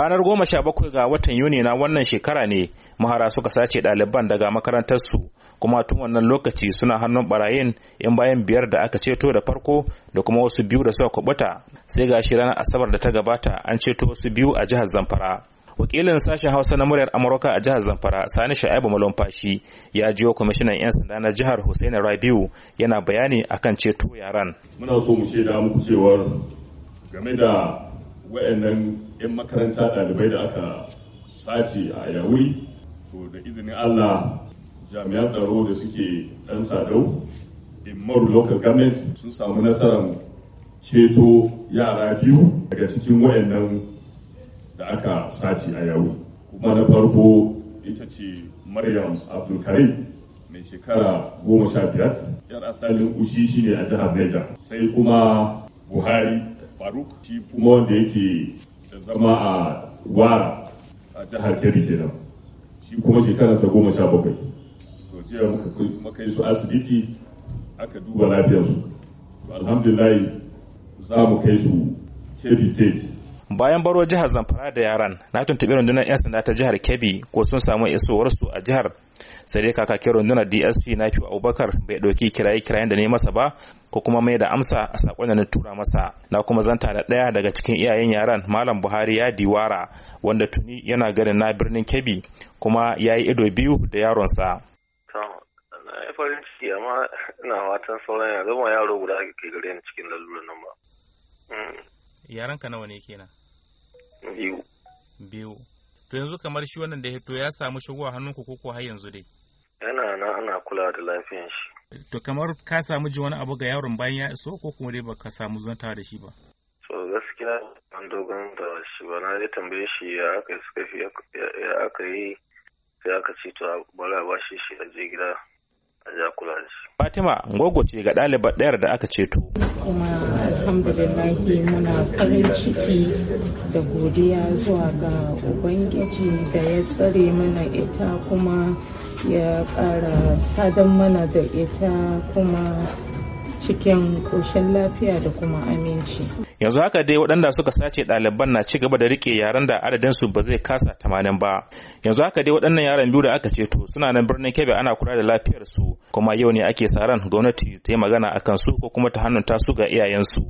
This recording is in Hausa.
ranar goma sha bakwai ga watan yuni na wannan shekara ne mahara suka sace ɗaliban daga makarantarsu kuma tun wannan lokaci suna hannun barayin in bayan biyar da aka ceto da farko da kuma wasu biyu da suka kubuta sai ga shi ranar asabar da ta gabata an ceto wasu biyu a jihar zamfara wakilin sashen hausa na muryar amurka a jihar zamfara sani sha'ibu malumfashi ya jiyo kwamishinan 'yan sanda na jihar hussein rabiu yana bayani akan ceto yaran muna so mu shaida muku cewa game da waɗannan. 'yan makaranta ɗalibai da aka sace a yawuri to da izinin allah jami'an tsaro da suke ɗan sadau maru local government sun samu nasarar ceto yara biyu daga cikin wayannan da aka sace a yawuri kuma na farko ita ce maryam abdulkarim mai shekara goma sha biyar yar asalin ushi shine a jihar Neja sai kuma buhari faruk shi kuma wanda yake da zama a wara a jihar kebbi kenan shi kuma shekararsa goma sha bakwai to jiya muka kai su asibiti aka duba lafiyarsu alhamdulillah za mu kai su kebbi state bayan baro jihar zamfara da yaran na tuntuɓi rundunar 'yan sanda ta jihar kebbi ko sun samu isowarsu a jihar sai dai kakakin rundunar dsp na fi abubakar bai ɗauki kiraye kirayen da ne masa ba ko kuma mai da amsa a saƙon da na tura masa na kuma zanta da ɗaya daga cikin iyayen yaran malam buhari ya diwara wanda tuni yana garin na birnin kebbi kuma ya yi ido biyu da yaronsa hmm. nawa ne kenan biyu biyu to yanzu kamar shi wannan da ya to ya samu shigowa hannun ku ko har yanzu dai yana na ana kula da lafiyan shi to kamar ka samu ji wani abu ga yaron bayan ya iso ko kuma dai baka samu zanta da shi ba To gaskiya an dogon da shi ba na dai tambaye shi ya aka yi suka ya aka yi sai aka ce to bari a bashi shi a je gida a ja da shi fatima gogo ce ga ɗalibar ɗayar da aka ceto alhamdulillahi muna farin ciki da godiya zuwa ga ubangiji da ya tsare mana ita kuma ya ƙara sadan mana da ita kuma cikin koshin lafiya da kuma aminci. Yanzu haka dai waɗanda suka sace ɗaliban na ci gaba da rike yaren da adadin su ba zai kasa tamanin ba. Yanzu haka dai waɗannan yaran biyu da aka ceto suna nan birnin kebe ana kula da lafiyar su kuma yau ne ake sa ran gwamnati ta yi magana akan su ko kuma ta hannun tasu ga iyayensu.